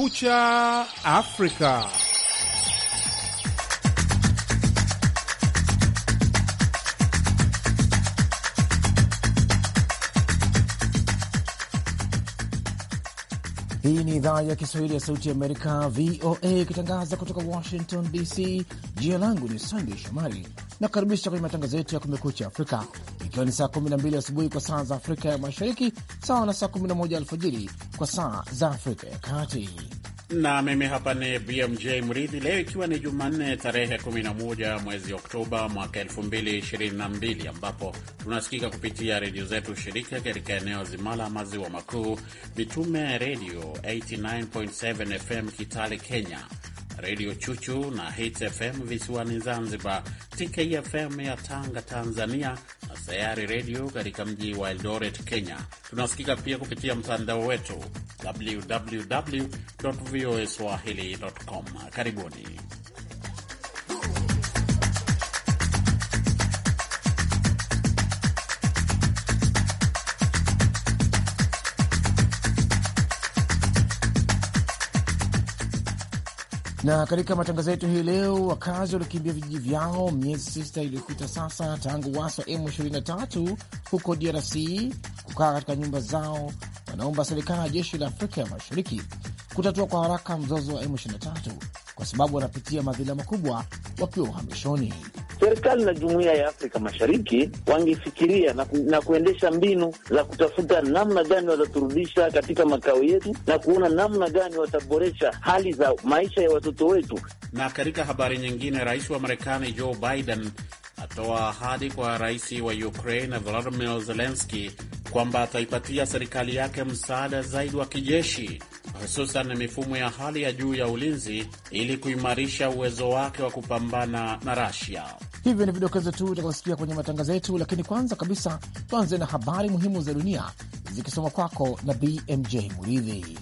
Kumekucha Afrika. Hii ni idhaa ya Kiswahili ya Sauti ya Amerika, VOA, ikitangaza kutoka Washington DC. Jina langu ni Sandey Shomari nakaribisha kwenye matangazo yetu ya Kumekucha Afrika, ikiwa ni saa 12 asubuhi kwa saa za Afrika ya Mashariki, sawa na saa 11 alfajiri kwa saa za Afrika ya Kati. Na mimi hapa ni BMJ Mridhi. Leo ikiwa ni Jumanne, tarehe 11 mwezi Oktoba mwaka 2022, ambapo tunasikika kupitia redio zetu shirika katika eneo zima la maziwa makuu, Mitume Redio 89.7 FM Kitale, Kenya, Redio Chuchu na Hits FM visiwani Zanzibar, TKFM ya Tanga Tanzania, na Sayari Redio katika mji wa Eldoret Kenya. Tunasikika pia kupitia mtandao wetu www voa swahili.com. Karibuni. Na katika matangazo yetu hii leo, wakazi waliokimbia vijiji vyao miezi sita iliyopita sasa tangu waasi wa M23 huko DRC kukaa katika nyumba zao wanaomba serikali ya jeshi la Afrika ya Mashariki kutatua kwa haraka mzozo wa M23 kwa sababu wanapitia madhila makubwa wakiwa uhamishoni serikali na jumuiya ya Afrika Mashariki wangefikiria na, ku, na kuendesha mbinu za kutafuta namna gani wataturudisha katika makao yetu na kuona namna gani wataboresha hali za maisha ya watoto wetu. Na katika habari nyingine, rais wa Marekani Joe Biden atoa ahadi kwa rais wa Ukraine Volodymyr Zelensky kwamba ataipatia serikali yake msaada zaidi wa kijeshi hususan mifumo ya hali ya juu ya ulinzi ili kuimarisha uwezo wake wa kupambana na Russia. Hivyo ni vidokezo tu utakaosikia kwenye matangazo yetu, lakini kwanza kabisa tuanze na habari muhimu za dunia zikisoma kwako na BMJ Muridhi.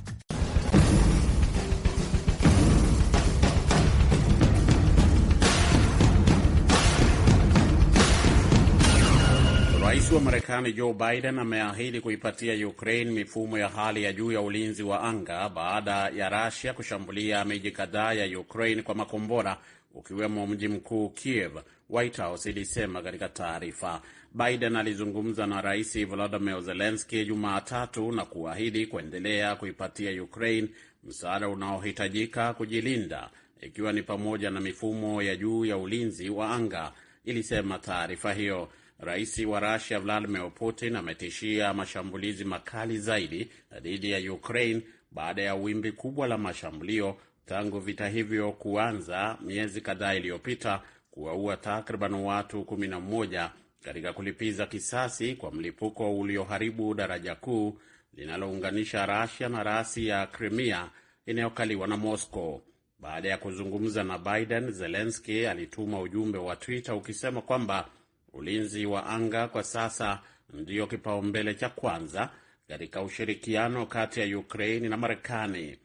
Rais wa Marekani Joe Biden ameahidi kuipatia Ukraine mifumo ya hali ya juu ya ulinzi wa anga baada ya Russia kushambulia miji kadhaa ya Ukraine kwa makombora ukiwemo mji mkuu Kiev, White House ilisema katika taarifa. Biden alizungumza na Rais Volodymyr Zelensky Jumatatu na kuahidi kuendelea kuipatia Ukraine msaada unaohitajika kujilinda, ikiwa ni pamoja na mifumo ya juu ya ulinzi wa anga, ilisema taarifa hiyo. Rais wa Rusia Vladimir Putin ametishia mashambulizi makali zaidi dhidi ya Ukraine baada ya wimbi kubwa la mashambulio tangu vita hivyo kuanza miezi kadhaa iliyopita kuwaua takriban watu 11 katika kulipiza kisasi kwa mlipuko ulioharibu daraja kuu linalounganisha Rasia na rasi ya Crimea inayokaliwa na Moscow. Baada ya kuzungumza na Biden, zelenski alituma ujumbe wa Twitter ukisema kwamba ulinzi wa anga kwa sasa ndiyo kipaumbele cha kwanza katika ushirikiano kati ya ukraini na Marekani.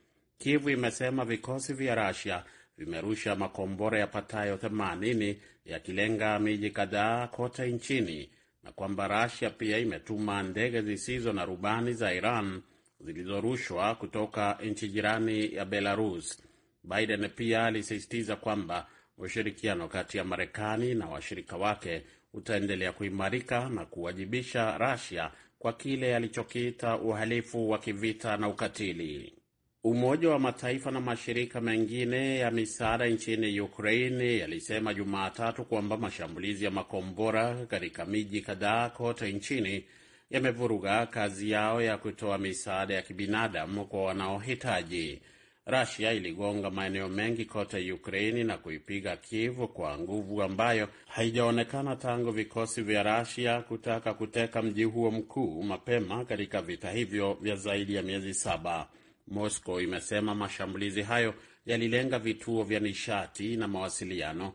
Kivu imesema vikosi vya Rasia vimerusha makombora yapatayo 80 yakilenga miji kadhaa kote nchini na kwamba Rasia pia imetuma ndege zisizo na rubani za Iran zilizorushwa kutoka nchi jirani ya Belarus. Biden pia alisisitiza kwamba ushirikiano kati ya Marekani na washirika wake utaendelea kuimarika na kuwajibisha Rasia kwa kile alichokiita uhalifu wa kivita na ukatili. Umoja wa Mataifa na mashirika mengine ya misaada nchini Ukraini yalisema Jumatatu kwamba mashambulizi ya makombora katika miji kadhaa kote nchini yamevuruga kazi yao ya kutoa misaada ya kibinadamu kwa wanaohitaji. Rasia iligonga maeneo mengi kote Ukraini na kuipiga Kiev kwa nguvu ambayo haijaonekana tangu vikosi vya Rasia kutaka kuteka mji huo mkuu mapema katika vita hivyo vya zaidi ya miezi saba. Moscow imesema mashambulizi hayo yalilenga vituo vya nishati na mawasiliano,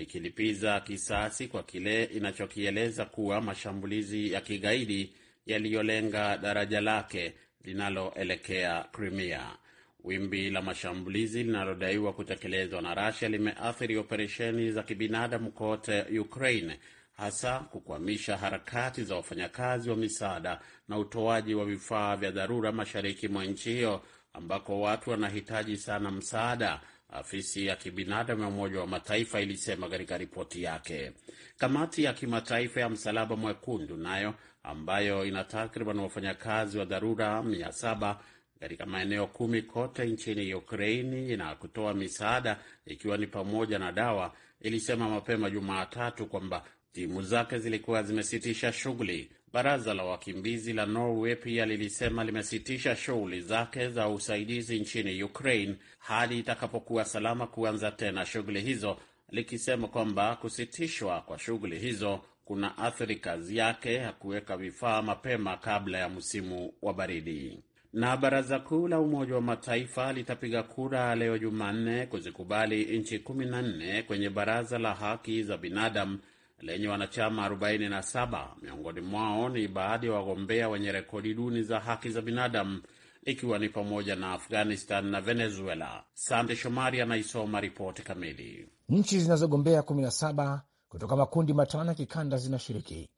ikilipiza kisasi kwa kile inachokieleza kuwa mashambulizi ya kigaidi yaliyolenga daraja lake linaloelekea Crimea. Wimbi la mashambulizi linalodaiwa kutekelezwa na Russia limeathiri operesheni za kibinadamu kote Ukraine hasa kukwamisha harakati za wafanyakazi wa misaada na utoaji wa vifaa vya dharura mashariki mwa nchi hiyo ambako watu wanahitaji sana msaada. Afisi ya kibinadamu ya Umoja wa Mataifa ilisema katika ripoti yake. Kamati ya kimataifa ya Msalaba Mwekundu nayo ambayo ina takriban wafanyakazi wa dharura mia saba katika maeneo kumi kote nchini Ukraini na kutoa misaada ikiwa ni pamoja na dawa, ilisema mapema Jumatatu kwamba timu zake zilikuwa zimesitisha shughuli. Baraza la wakimbizi la Norway pia lilisema limesitisha shughuli zake za usaidizi nchini Ukraine hadi itakapokuwa salama kuanza tena shughuli hizo, likisema kwamba kusitishwa kwa shughuli hizo kuna athiri kazi yake ya kuweka vifaa mapema kabla ya msimu wa baridi. Na baraza kuu la Umoja wa Mataifa litapiga kura leo Jumanne kuzikubali nchi kumi na nne kwenye baraza la haki za binadamu lenye wanachama 47. Miongoni mwao ni baadhi ya wagombea wenye rekodi duni za haki za binadamu, ikiwa ni pamoja na Afghanistan na Venezuela. Sande Shomari anaisoma ripoti kamili. Nchi zinazogombea 17 kutoka makundi matano ya kikanda zinashiriki,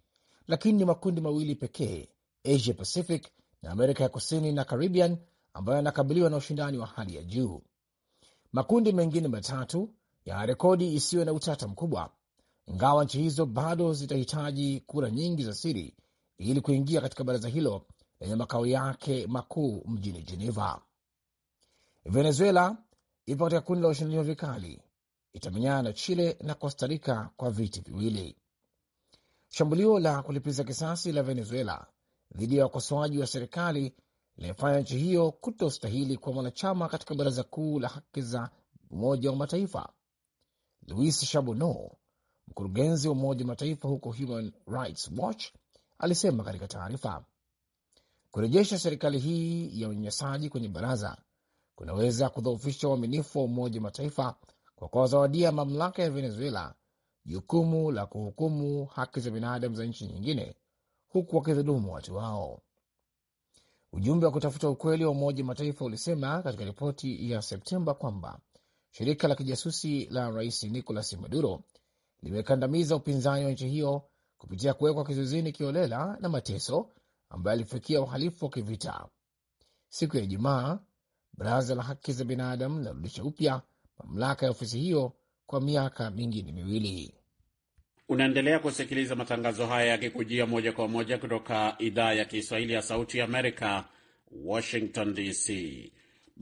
lakini ni makundi mawili pekee, Asia Pacific na Amerika ya Kusini na Caribbean, ambayo yanakabiliwa na ushindani wa hali ya juu. Makundi mengine matatu ya rekodi isiyo na utata mkubwa ingawa nchi hizo bado zitahitaji kura nyingi za siri ili kuingia katika baraza hilo lenye makao yake makuu mjini Geneva. Venezuela ipo katika kundi la ushindaniwa vikali, itamenyana na Chile na Costa Rica kwa viti viwili. Shambulio la kulipiza kisasi la Venezuela dhidi ya wakosoaji wa serikali limefanya nchi hiyo kutostahili kwa mwanachama katika baraza kuu la haki za Umoja wa Mataifa. Luis Chaboneau Mkurugenzi wa Umoja Mataifa huko Human Rights Watch alisema katika taarifa, kurejesha serikali hii ya unyanyasaji kwenye baraza kunaweza kudhoofisha uaminifu wa Umoja Mataifa kwa kuwazawadia mamlaka ya Venezuela jukumu la kuhukumu haki za binadamu za nchi nyingine huku wakidhulumu watu wao. Ujumbe wa kutafuta ukweli wa Umoja Mataifa ulisema katika ripoti ya Septemba kwamba shirika la kijasusi la rais Nicolas Maduro limekandamiza upinzani wa nchi hiyo kupitia kuwekwa kizuizini kiolela na mateso ambayo alifikia uhalifu wa kivita. Siku ya Ijumaa, baraza la haki za binadamu linarudisha upya mamlaka ya ofisi hiyo kwa miaka mingine miwili. Unaendelea kusikiliza matangazo haya yakikujia moja kwa moja kutoka idhaa ya Kiswahili ya Sauti ya Amerika, Washington DC.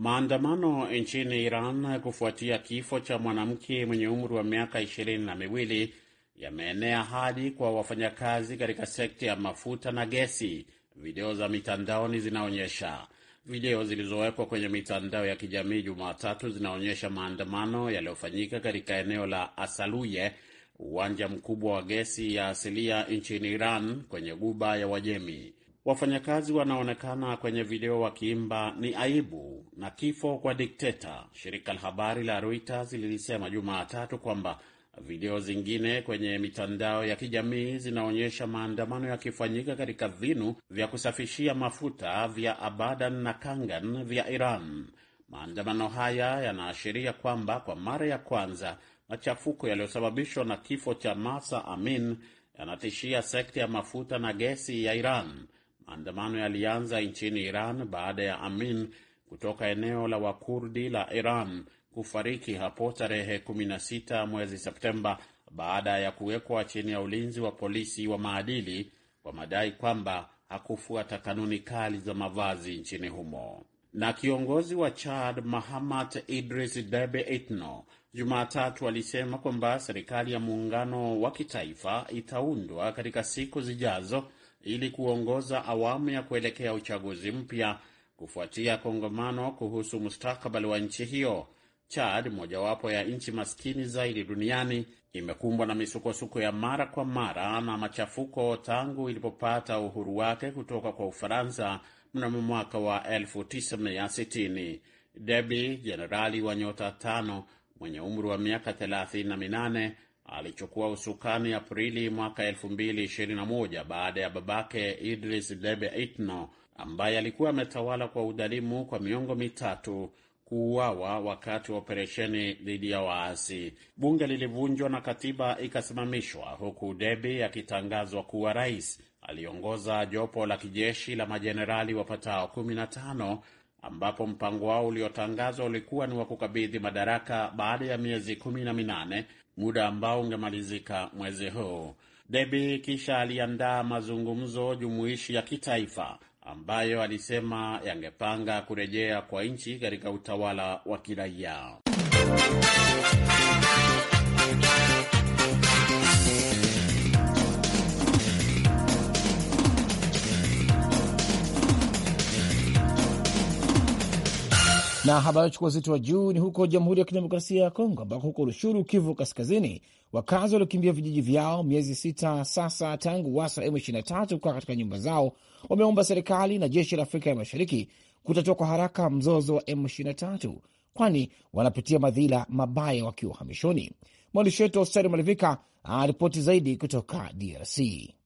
Maandamano nchini Iran kufuatia kifo cha mwanamke mwenye umri wa miaka ishirini na miwili yameenea hadi kwa wafanyakazi katika sekta ya mafuta na gesi, video za mitandaoni zinaonyesha. Video zilizowekwa kwenye mitandao ya kijamii Jumatatu zinaonyesha maandamano yaliyofanyika katika eneo la Asaluye, uwanja mkubwa wa gesi ya asilia nchini Iran kwenye Guba ya Wajemi. Wafanyakazi wanaonekana kwenye video wakiimba ni aibu na kifo kwa dikteta. Shirika la habari la Reuters lilisema Jumatatu kwamba video zingine kwenye mitandao ya kijamii zinaonyesha maandamano yakifanyika katika vinu vya kusafishia mafuta vya Abadan na Kangan vya Iran. Maandamano haya yanaashiria kwamba kwa mara ya kwanza machafuko yaliyosababishwa na kifo cha Masa Amin yanatishia sekta ya mafuta na gesi ya Iran. Maandamano yalianza nchini Iran baada ya Amin kutoka eneo la Wakurdi la Iran kufariki hapo tarehe 16 mwezi Septemba baada ya kuwekwa chini ya ulinzi wa polisi wa maadili kwa madai kwamba hakufuata kanuni kali za mavazi nchini humo. Na kiongozi wa Chad Mahamat Idris debe Itno Jumatatu alisema kwamba serikali ya muungano wa kitaifa itaundwa katika siku zijazo ili kuongoza awamu ya kuelekea uchaguzi mpya kufuatia kongamano kuhusu mustakabali wa nchi hiyo. Chad, mojawapo ya nchi maskini zaidi duniani, imekumbwa na misukosuko ya mara kwa mara na machafuko tangu ilipopata uhuru wake kutoka kwa Ufaransa mnamo mwaka wa 1960. Debi, jenerali wa nyota tano mwenye umri wa miaka 38 alichukua usukani Aprili mwaka 2021 baada ya babake Idris Debe Itno ambaye alikuwa ametawala kwa udhalimu kwa miongo mitatu kuuawa wakati wa operesheni dhidi ya waasi. Bunge lilivunjwa na katiba ikasimamishwa, huku Debi akitangazwa kuwa rais. Aliongoza jopo la kijeshi la majenerali wapatao 15 ambapo mpango wao uliotangazwa ulikuwa ni wa kukabidhi madaraka baada ya miezi kumi na minane muda ambao ungemalizika mwezi huu. Deby kisha aliandaa mazungumzo jumuishi ya kitaifa ambayo alisema yangepanga kurejea kwa nchi katika utawala wa kiraia. Na habari chukua uzito wa juu ni huko Jamhuri ya Kidemokrasia ya Kongo, ambako huko Rushuru, Kivu Kaskazini, wakazi waliokimbia vijiji vyao miezi sita sasa tangu wasa M23 kukaa katika nyumba zao wameomba serikali na jeshi la Afrika ya Mashariki kutatua kwa haraka mzozo wa M23, kwani wanapitia madhila mabaya wakiwa uhamishoni. Mwandishi wetu Osteri Malivika aripoti zaidi kutoka DRC.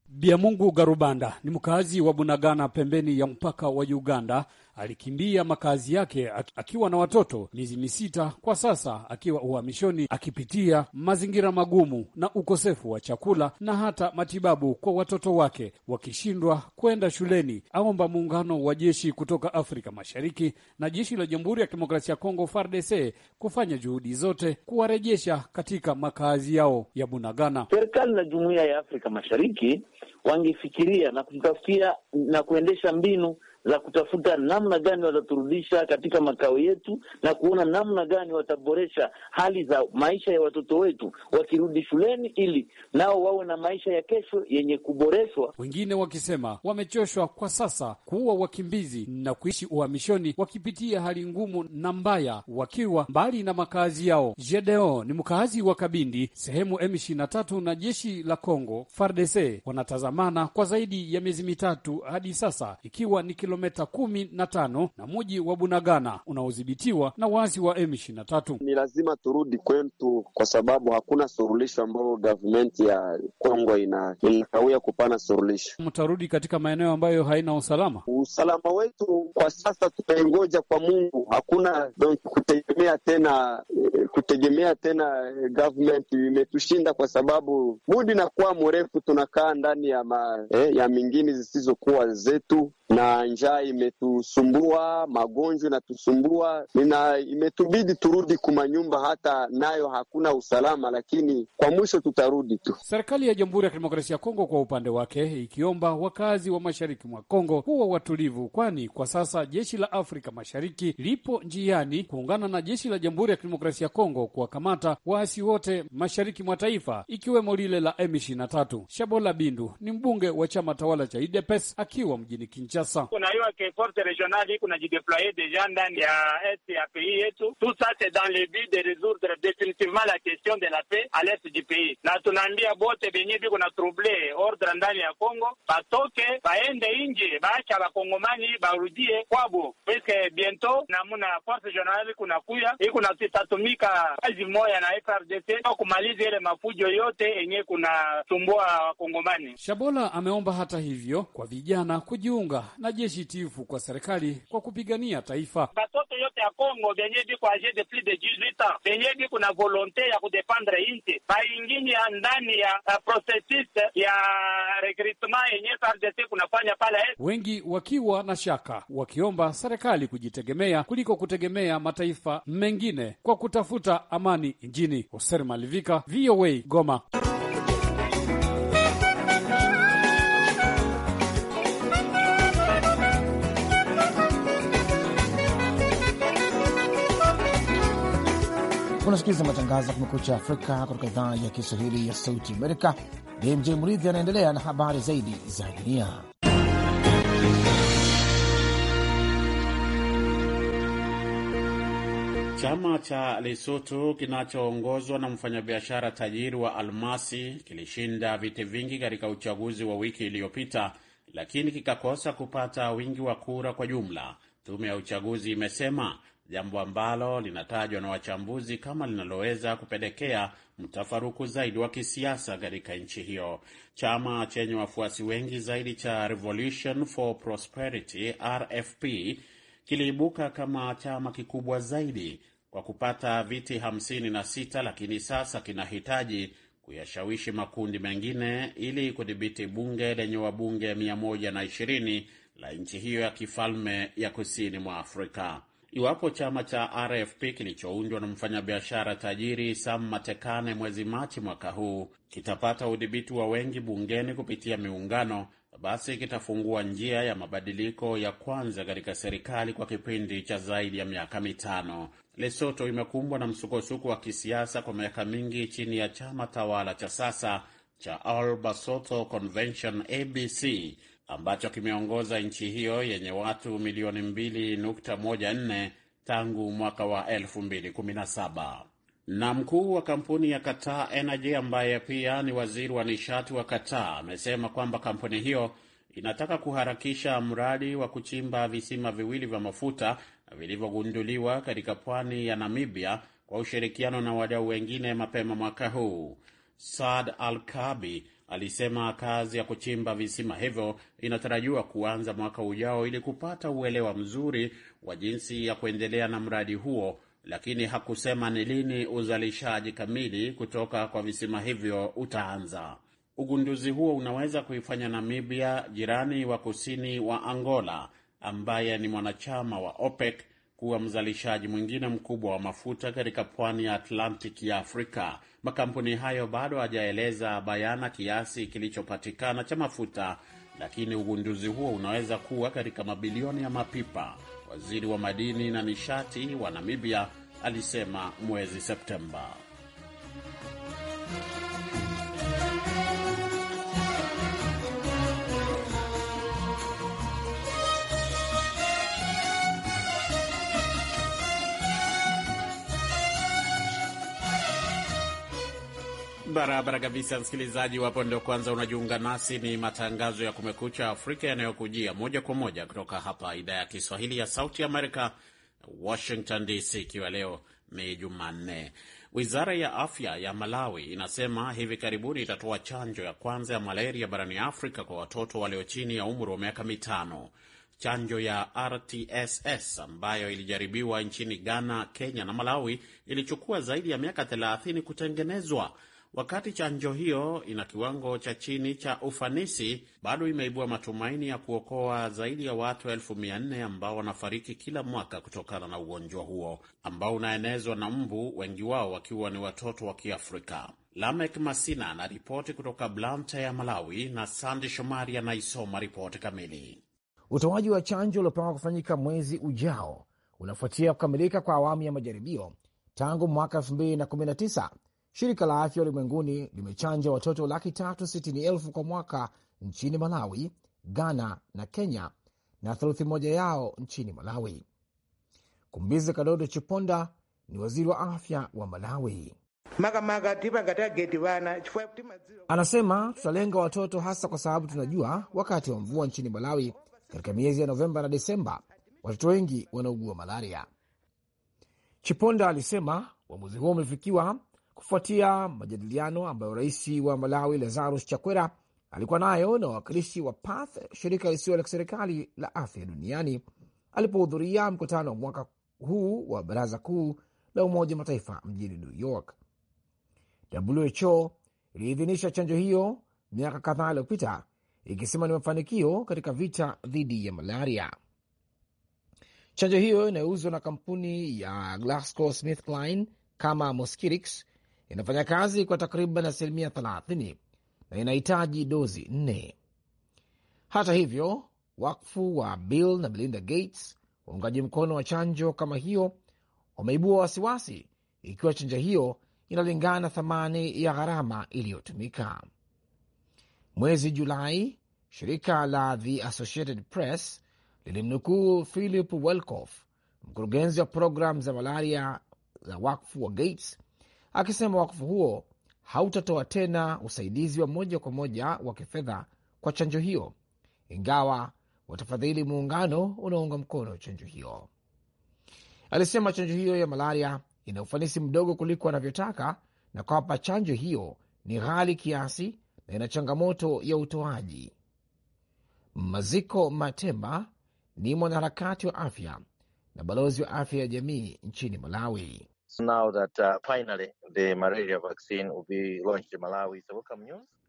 Biamungu Garubanda ni mkazi wa Bunagana, pembeni ya mpaka wa Uganda, Alikimbia makazi yake akiwa na watoto miezi misita, kwa sasa akiwa uhamishoni akipitia mazingira magumu na ukosefu wa chakula na hata matibabu kwa watoto wake wakishindwa kwenda shuleni. Aomba muungano wa jeshi kutoka Afrika Mashariki na jeshi la Jamhuri ya Kidemokrasia ya Kongo FARDC kufanya juhudi zote kuwarejesha katika makazi yao ya Bunagana. Serikali na Jumuiya ya Afrika Mashariki wangefikiria na kumtafutia na kuendesha mbinu za kutafuta namna gani wataturudisha katika makao yetu na kuona namna gani wataboresha hali za maisha ya watoto wetu wakirudi shuleni, ili nao wawe na maisha ya kesho yenye kuboreshwa. Wengine wakisema wamechoshwa kwa sasa kuua wakimbizi na kuishi uhamishoni, wakipitia hali ngumu na mbaya, wakiwa mbali na makazi yao. Jedeo ni mkaazi wa Kabindi, sehemu M23 na jeshi la Kongo FARDC wanatazamana kwa zaidi ya miezi mitatu hadi sasa, ikiwa ni kilo kilometa kumi na tano na muji wa Bunagana unaodhibitiwa na waasi wa M23. Ni lazima turudi kwetu, kwa sababu hakuna surulisho ambayo gavumenti ya Kongo ina inakawia kupana surulisho. Mtarudi katika maeneo ambayo haina usalama. Usalama wetu kwa sasa tunaingoja kwa Mungu, hakuna kutegemea tena eh, kutegemea tena eh, government imetushinda, kwa sababu mudi na kuwa mrefu tunakaa ndani ya ma, eh, ya mingine zisizokuwa zetu na njaa imetusumbua, magonjwa inatusumbua, nina imetubidi turudi kumanyumba, hata nayo hakuna usalama, lakini kwa mwisho tutarudi tu. Serikali ya Jamhuri ya Kidemokrasia ya Kongo kwa upande wake ikiomba wakazi wa mashariki mwa Kongo kuwa watulivu, kwani kwa sasa jeshi la Afrika Mashariki lipo njiani kuungana na jeshi la Jamhuri ya Kidemokrasia ya Kongo kuwakamata waasi wote mashariki mwa taifa ikiwemo lile la M23. Shabola Bindu ni mbunge wa chama tawala cha UDPS e e akiwa mjini Kinshasa. Kinshasa. Unaiwa que force régionale iko na jideployer deja ndani ya est ya pays yetu tout ça c'est dans le but de résoudre des tunaambia bote benye biko na trouble ordre ndani ya Kongo batoke baende nje, baacha bakongomani barudie kwabo, puisque biento namuna force journal kunakuya ikuna itatumika kazi moya na FRDC kwa kumaliza ile mafujo yote yenye kunasumbua wakongomani. Shabola ameomba hata hivyo kwa vijana kujiunga na jeshi tifu kwa serikali kwa kupigania taifa. Batoto yote ya Kongo benye biko age de plus de 18 ans benye biko na volonte ya kudependre inte bainginia ndani ya uh, processus ya recruitment yenye RDC kunafanya pale, wengi wakiwa na shaka, wakiomba serikali kujitegemea kuliko kutegemea mataifa mengine kwa kutafuta amani nchini. Hoser Malivika, VOA Goma. Unasikiliza matangazo ya Kumekucha Afrika kutoka idhaa ya Kiswahili ya Sauti Amerika. BMJ Mridhi anaendelea na habari zaidi za dunia. Chama cha Lesoto kinachoongozwa na mfanyabiashara tajiri wa almasi kilishinda viti vingi katika uchaguzi wa wiki iliyopita, lakini kikakosa kupata wingi wa kura kwa jumla, tume ya uchaguzi imesema jambo ambalo linatajwa na wachambuzi kama linaloweza kupelekea mtafaruku zaidi wa kisiasa katika nchi hiyo. Chama chenye wafuasi wengi zaidi cha Revolution for Prosperity RFP kiliibuka kama chama kikubwa zaidi kwa kupata viti 56 lakini sasa kinahitaji kuyashawishi makundi mengine ili kudhibiti bunge lenye wabunge 120 la nchi hiyo ya kifalme ya kusini mwa Afrika. Iwapo chama cha RFP kilichoundwa na mfanyabiashara tajiri Sam Matekane mwezi Machi mwaka huu kitapata udhibiti wa wengi bungeni kupitia miungano, basi kitafungua njia ya mabadiliko ya kwanza katika serikali kwa kipindi cha zaidi ya miaka mitano. lesoto imekumbwa na msukosuko wa kisiasa kwa miaka mingi chini ya chama tawala cha sasa cha All Basotho Convention ABC ambacho kimeongoza nchi hiyo yenye watu milioni 2.14 tangu mwaka wa 2017. Na mkuu wa kampuni ya Qatar Energy ambaye pia ni waziri wa nishati wa Qatar amesema kwamba kampuni hiyo inataka kuharakisha mradi wa kuchimba visima viwili vya mafuta vilivyogunduliwa katika pwani ya Namibia kwa ushirikiano na wadau wengine mapema mwaka huu. Saad Al Kabi alisema kazi ya kuchimba visima hivyo inatarajiwa kuanza mwaka ujao ili kupata uelewa mzuri wa jinsi ya kuendelea na mradi huo, lakini hakusema ni lini uzalishaji kamili kutoka kwa visima hivyo utaanza. Ugunduzi huo unaweza kuifanya Namibia, jirani wa kusini wa Angola, ambaye ni mwanachama wa OPEC, kuwa mzalishaji mwingine mkubwa wa mafuta katika pwani ya Atlantic ya Afrika. Makampuni hayo bado hajaeleza bayana kiasi kilichopatikana cha mafuta, lakini ugunduzi huo unaweza kuwa katika mabilioni ya mapipa. Waziri wa madini na nishati wa Namibia alisema mwezi Septemba. Barabara kabisa, msikilizaji wapo ndio kwanza unajiunga nasi, ni matangazo ya Kumekucha Afrika yanayokujia moja kwa moja kutoka hapa idhaa ya Kiswahili ya Sauti ya Amerika, Washington DC, ikiwa leo ni Jumanne. Wizara ya afya ya Malawi inasema hivi karibuni itatoa chanjo ya kwanza ya malaria barani Afrika kwa watoto walio chini ya umri wa miaka mitano. Chanjo ya RTSS ambayo ilijaribiwa nchini Ghana, Kenya na Malawi ilichukua zaidi ya miaka 30 kutengenezwa Wakati chanjo hiyo ina kiwango cha chini cha ufanisi, bado imeibua matumaini ya kuokoa zaidi ya watu elfu mia nne ambao wanafariki kila mwaka kutokana na ugonjwa huo ambao unaenezwa na mbu, wengi wao wakiwa ni watoto wa Kiafrika. Lamek Masina anaripoti kutoka Blante ya Malawi na Sandi Shomari anaisoma ripoti kamili. Utoaji wa chanjo uliopangwa kufanyika mwezi ujao unafuatia kukamilika kwa awamu ya majaribio tangu mwaka 2019 Shirika la Afya Ulimwenguni limechanja watoto laki tatu sitini elfu kwa mwaka nchini Malawi, Ghana na Kenya, na theluthi moja yao nchini Malawi. Kumbizi Kadodo Chiponda ni waziri wa afya wa Malawi. geti wana. Anasema tutalenga watoto hasa kwa sababu tunajua wakati wa mvua nchini Malawi katika miezi ya Novemba na Desemba watoto wengi wanaugua malaria. Chiponda alisema uamuzi huo umefikiwa kufuatia majadiliano ambayo rais wa Malawi Lazarus Chakwera alikuwa nayo na wawakilishi wa PATH, shirika lisio la kiserikali la afya duniani, alipohudhuria mkutano wa mwaka huu wa baraza kuu la Umoja Mataifa mjini New York. WHO iliidhinisha chanjo hiyo miaka kadhaa iliyopita ikisema ni mafanikio katika vita dhidi ya malaria. Chanjo hiyo inayouzwa na kampuni ya GlaxoSmithKline kama Mosquirix inafanya kazi kwa takriban asilimia 30 na inahitaji dozi nne. Hata hivyo, wakfu wa Bill na Melinda Gates, waungaji mkono wa chanjo kama hiyo, wameibua wasiwasi ikiwa chanjo hiyo inalingana na thamani ya gharama iliyotumika. Mwezi Julai, shirika la The Associated Press lilimnukuu Philip Welkoff, mkurugenzi wa programu za malaria za wakfu wa Gates akisema wakfu huo hautatoa tena usaidizi wa moja kwa moja wa kifedha kwa chanjo hiyo, ingawa watafadhili muungano unaounga mkono chanjo hiyo. Alisema chanjo hiyo ya malaria ina ufanisi mdogo kuliko wanavyotaka na kwamba chanjo hiyo ni ghali kiasi na ina changamoto ya utoaji. Maziko Matemba ni mwanaharakati wa afya na balozi wa afya ya jamii nchini Malawi.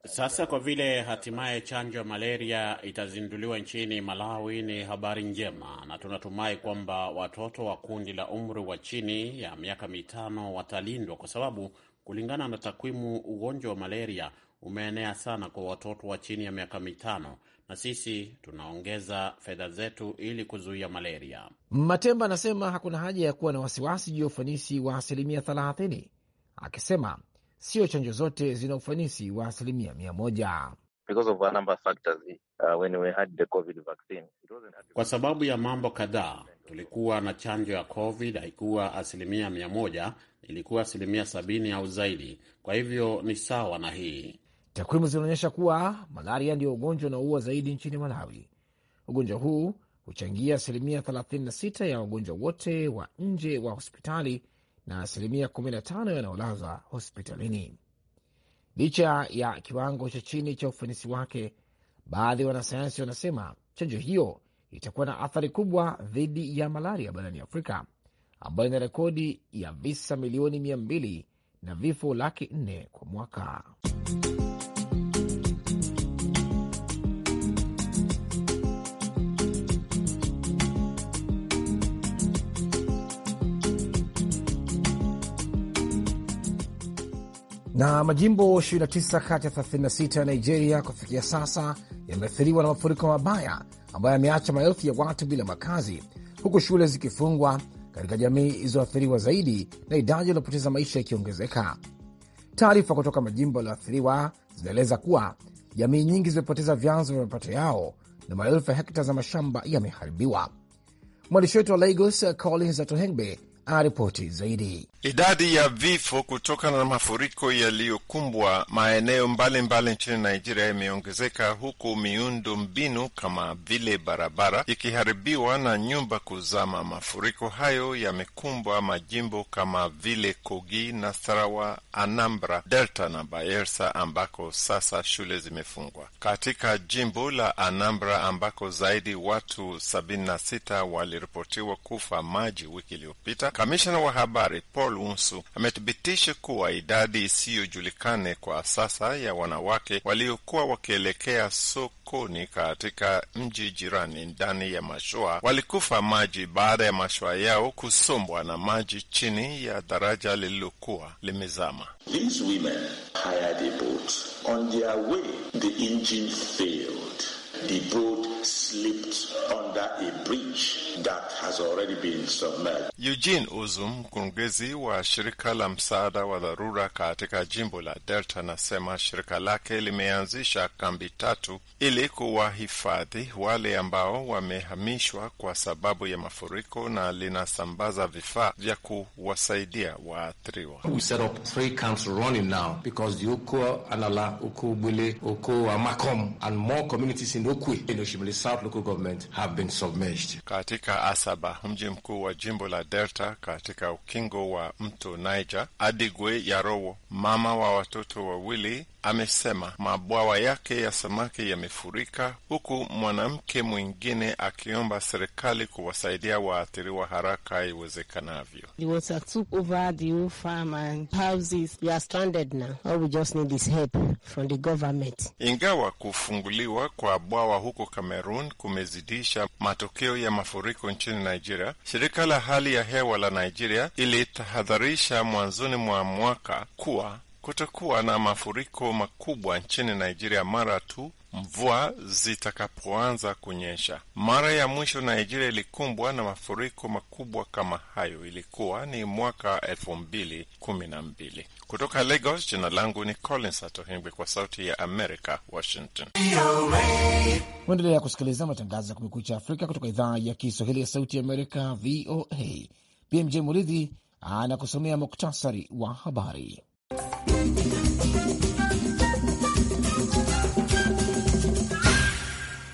Sasa kwa vile hatimaye chanjo ya malaria itazinduliwa nchini Malawi ni habari njema, na tunatumai kwamba watoto wa kundi la umri wa chini ya miaka mitano watalindwa, kwa sababu kulingana na takwimu, ugonjwa wa malaria umeenea sana kwa watoto wa chini ya miaka mitano na sisi tunaongeza fedha zetu ili kuzuia malaria. Matemba anasema hakuna haja ya kuwa na wasiwasi juu ya ufanisi wa asilimia 30, akisema sio chanjo zote zina ufanisi wa asilimia mia moja. Uh, Kwa sababu ya mambo kadhaa, tulikuwa na chanjo ya COVID haikuwa asilimia mia moja, ilikuwa asilimia sabini au zaidi. Kwa hivyo ni sawa na hii Takwimu zinaonyesha kuwa malaria ndio ugonjwa unaoua zaidi nchini Malawi. Ugonjwa huu huchangia asilimia 36 ya wagonjwa wote wa nje wa hospitali na asilimia 15 yanayolazwa hospitalini. Licha ya kiwango cha chini cha ufanisi wake, baadhi ya wanasayansi wanasema chanjo hiyo itakuwa na athari kubwa dhidi ya malaria barani Afrika, ambayo ina rekodi ya visa milioni 200 na vifo laki 4 kwa mwaka. Na majimbo 29 kati ya 36 ya Nigeria kufikia sasa yameathiriwa na mafuriko mabaya ambayo yameacha maelfu ya watu bila makazi, huku shule zikifungwa katika jamii ilizoathiriwa zaidi na idadi iliyopoteza maisha ikiongezeka. Taarifa kutoka majimbo yaliyoathiriwa zinaeleza kuwa jamii nyingi zimepoteza vyanzo vya mapato yao na maelfu ya hekta za mashamba yameharibiwa. Mwandishi wetu wa Lagos, Collins Atohengbe, aripoti zaidi. Idadi ya vifo kutokana na mafuriko yaliyokumbwa maeneo mbalimbali nchini Nigeria imeongezeka huku miundo mbinu kama vile barabara ikiharibiwa na nyumba kuzama. Mafuriko hayo yamekumbwa majimbo kama vile Kogi, Nasarawa, Anambra, Delta na Bayelsa ambako sasa shule zimefungwa. Katika jimbo la Anambra ambako zaidi watu 76 waliripotiwa kufa maji wiki iliyopita Kamishna wa habari Paul Unsu amethibitisha kuwa idadi isiyojulikane kwa sasa ya wanawake waliokuwa wakielekea sokoni katika mji jirani ndani ya mashua walikufa maji baada ya mashua yao kusombwa na maji chini ya daraja lililokuwa limezama. These women hired a boat. On their way, the engine failed. The boat slipped under a bridge that has already been submerged. Eugene Uzum, mkurugenzi wa shirika la msaada wa dharura katika jimbo la Delta, anasema shirika lake limeanzisha kambi tatu ili kuwahifadhi wale ambao wamehamishwa kwa sababu ya mafuriko na linasambaza vifaa vya kuwasaidia waathiriwa. We set up three camps running now because the Ukwa Anala, Ukubwile, Uko Makom and more communities in Ukwi, in Oshimili South local government have been submerged. Katika Asaba, mji mkuu wa jimbo la Delta katika ukingo wa mto Niger, Adigwe Yarowo, mama wa watoto wawili, amesema mabwawa yake ya samaki yamefurika, huku mwanamke mwingine akiomba serikali kuwasaidia waathiriwa haraka iwezekanavyo. Ingawa kufunguliwa kwa bwawa huko Kamerun Kamerun kumezidisha matokeo ya mafuriko nchini Nigeria, shirika la hali ya hewa la Nigeria ilitahadharisha mwanzoni mwa mwaka kuwa kutakuwa na mafuriko makubwa nchini Nigeria mara tu mvua zitakapoanza kunyesha. Mara ya mwisho Nigeria ilikumbwa na mafuriko makubwa kama hayo ilikuwa ni mwaka elfu mbili kumi na mbili. Kutoka Lagos, jina langu ni Collins Atohengwe, kwa Sauti ya Amerika, Washington. Kuendelea kusikiliza matangazo ya Kumekucha Afrika kutoka idhaa ya Kiswahili ya Sauti ya Amerika, VOA. BMJ Muridhi anakusomea muktasari wa habari.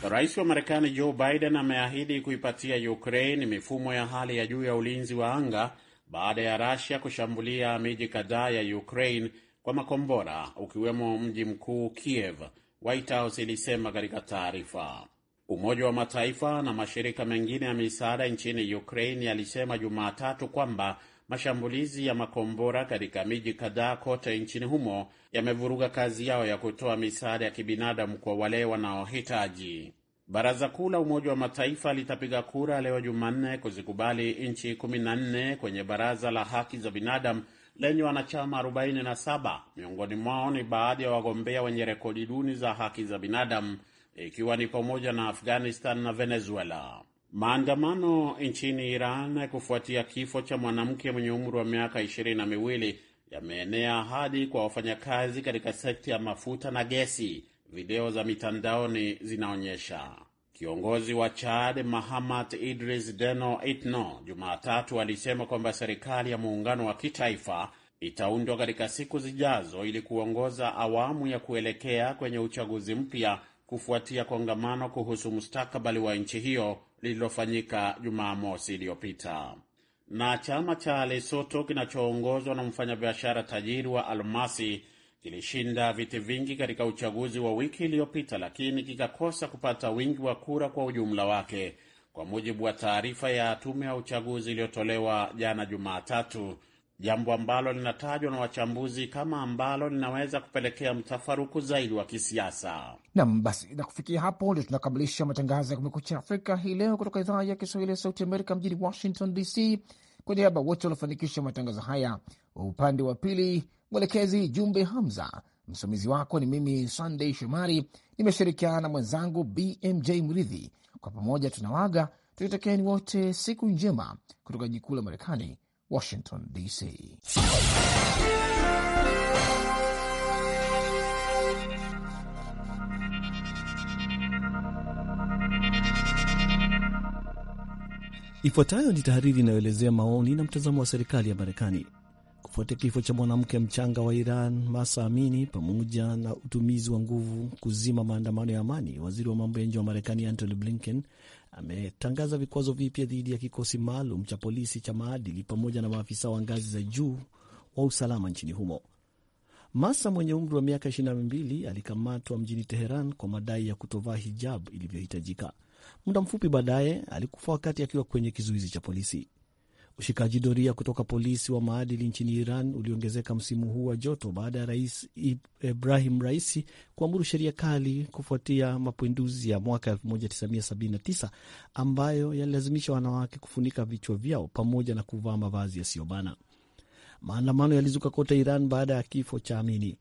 Rais wa Marekani Joe Biden ameahidi kuipatia Ukraine mifumo ya hali ya juu ya ulinzi wa anga baada ya Russia kushambulia miji kadhaa ya Ukraine kwa makombora ukiwemo mji mkuu Kiev, White House ilisema katika taarifa. Umoja wa Mataifa na mashirika mengine ya misaada nchini Ukraine yalisema Jumatatu kwamba mashambulizi ya makombora katika miji kadhaa kote nchini humo yamevuruga kazi yao ya kutoa misaada ya kibinadamu kwa wale wanaohitaji. Baraza Kuu la Umoja wa Mataifa litapiga kura leo Jumanne kuzikubali nchi 14 kwenye Baraza la Haki za Binadamu lenye wanachama 47. Miongoni mwao ni baadhi ya wagombea wenye rekodi duni za haki za binadamu, ikiwa ni pamoja na Afghanistan na Venezuela. Maandamano nchini Iran kufuatia kifo cha mwanamke mwenye umri wa miaka ishirini na miwili yameenea hadi kwa wafanyakazi katika sekta ya mafuta na gesi video za mitandaoni zinaonyesha. Kiongozi wa Chad Mahamat Idris Deno Itno Jumatatu alisema kwamba serikali ya muungano wa kitaifa itaundwa katika siku zijazo ili kuongoza awamu ya kuelekea kwenye uchaguzi mpya kufuatia kongamano kuhusu mustakabali wa nchi hiyo lililofanyika Jumamosi iliyopita. Na chama cha Lesoto kinachoongozwa na mfanyabiashara tajiri wa almasi kilishinda viti vingi katika uchaguzi wa wiki iliyopita, lakini kikakosa kupata wingi wa kura kwa ujumla wake, kwa mujibu wa taarifa ya tume ya uchaguzi iliyotolewa jana Jumatatu, jambo ambalo linatajwa na wachambuzi kama ambalo linaweza kupelekea mtafaruku zaidi wa kisiasa. Nam basi, na kufikia hapo ndio tunakamilisha matangazo ya Kumekucha Afrika hii leo kutoka idhaa ya Kiswahili ya Sauti Amerika mjini Washington DC. Kwa niaba wote waliofanikisha matangazo haya, wa upande wa pili Mwelekezi Jumbe Hamza, msimamizi wako ni mimi Sunday Shomari, nimeshirikiana na mwenzangu BMJ Mridhi. Kwa pamoja tunawaga tukitakieni wote siku njema kutoka jiji kuu la Marekani, Washington DC. Ifuatayo ni tahariri inayoelezea maoni na mtazamo wa serikali ya Marekani kufuatia kifo cha mwanamke mchanga wa Iran Masa Amini pamoja na utumizi wa nguvu kuzima maandamano ya amani, waziri wa mambo ya nje wa Marekani Antony Blinken ametangaza vikwazo vipya dhidi ya kikosi maalum cha polisi cha maadili pamoja na maafisa wa ngazi za juu wa usalama nchini humo. Masa mwenye umri wa miaka 22 alikamatwa mjini Teheran kwa madai ya kutovaa hijab ilivyohitajika. Muda mfupi baadaye alikufa wakati akiwa kwenye kizuizi cha polisi. Ushikaji doria kutoka polisi wa maadili nchini Iran uliongezeka msimu huu wa joto baada ya rais Ibrahim Raisi kuamuru sheria kali kufuatia mapinduzi ya mwaka 1979 ambayo yalilazimisha wanawake kufunika vichwa vyao pamoja na kuvaa mavazi yasiyobana. Maandamano yalizuka kote Iran baada ya kifo cha Amini.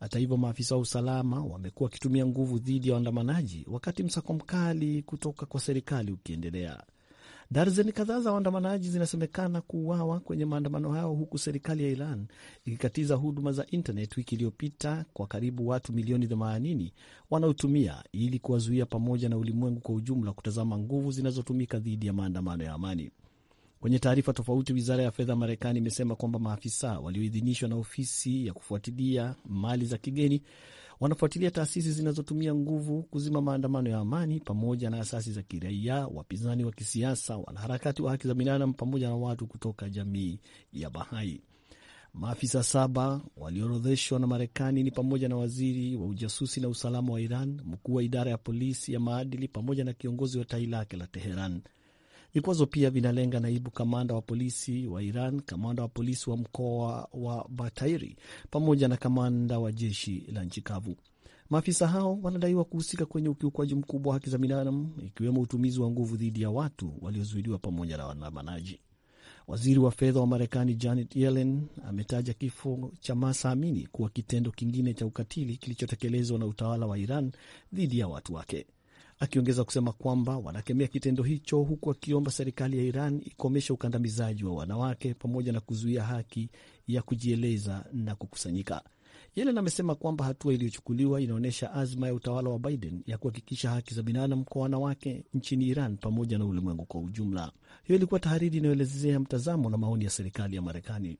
Hata hivyo, maafisa wa usalama wamekuwa wakitumia nguvu dhidi ya waandamanaji, wakati msako mkali kutoka kwa serikali ukiendelea. Darzeni kadhaa za waandamanaji zinasemekana kuuawa kwenye maandamano hayo, huku serikali ya Iran ikikatiza huduma za intnet wiki iliyopita kwa karibu watu milioni 80 wanaotumia, ili kuwazuia pamoja na ulimwengu kwa ujumla kutazama nguvu zinazotumika dhidi ya maandamano ya amani. Kwenye taarifa tofauti, wizara ya fedha Marekani imesema kwamba maafisa walioidhinishwa na ofisi ya kufuatilia mali za kigeni wanafuatilia taasisi zinazotumia nguvu kuzima maandamano ya amani pamoja na asasi za kiraia, wapinzani wa kisiasa, wanaharakati wa haki za binadamu pamoja na watu kutoka jamii ya Bahai. Maafisa saba walioorodheshwa na Marekani ni pamoja na waziri wa ujasusi na usalama wa Iran, mkuu wa idara ya polisi ya maadili, pamoja na kiongozi wa tai lake la Teheran. Vikwazo pia vinalenga naibu kamanda wa polisi wa Iran, kamanda wa polisi wa mkoa wa Batairi pamoja na kamanda wa jeshi la nchi kavu. Maafisa hao wanadaiwa kuhusika kwenye ukiukwaji mkubwa wa haki za binadamu, ikiwemo utumizi wa nguvu dhidi ya watu waliozuiliwa pamoja na waandamanaji. Waziri wa fedha wa Marekani Janet Yellen ametaja kifo cha Masa Amini kuwa kitendo kingine cha ukatili kilichotekelezwa na utawala wa Iran dhidi ya watu wake akiongeza kusema kwamba wanakemea kitendo hicho huku akiomba serikali ya Iran ikomeshe ukandamizaji wa wanawake pamoja na kuzuia haki ya kujieleza na kukusanyika. Yelen amesema kwamba hatua iliyochukuliwa inaonyesha azma ya utawala wa Biden ya kuhakikisha haki za binadamu kwa wanawake nchini Iran pamoja na ulimwengu kwa ujumla. Hiyo ilikuwa tahariri inayoelezea mtazamo na maoni ya serikali ya Marekani.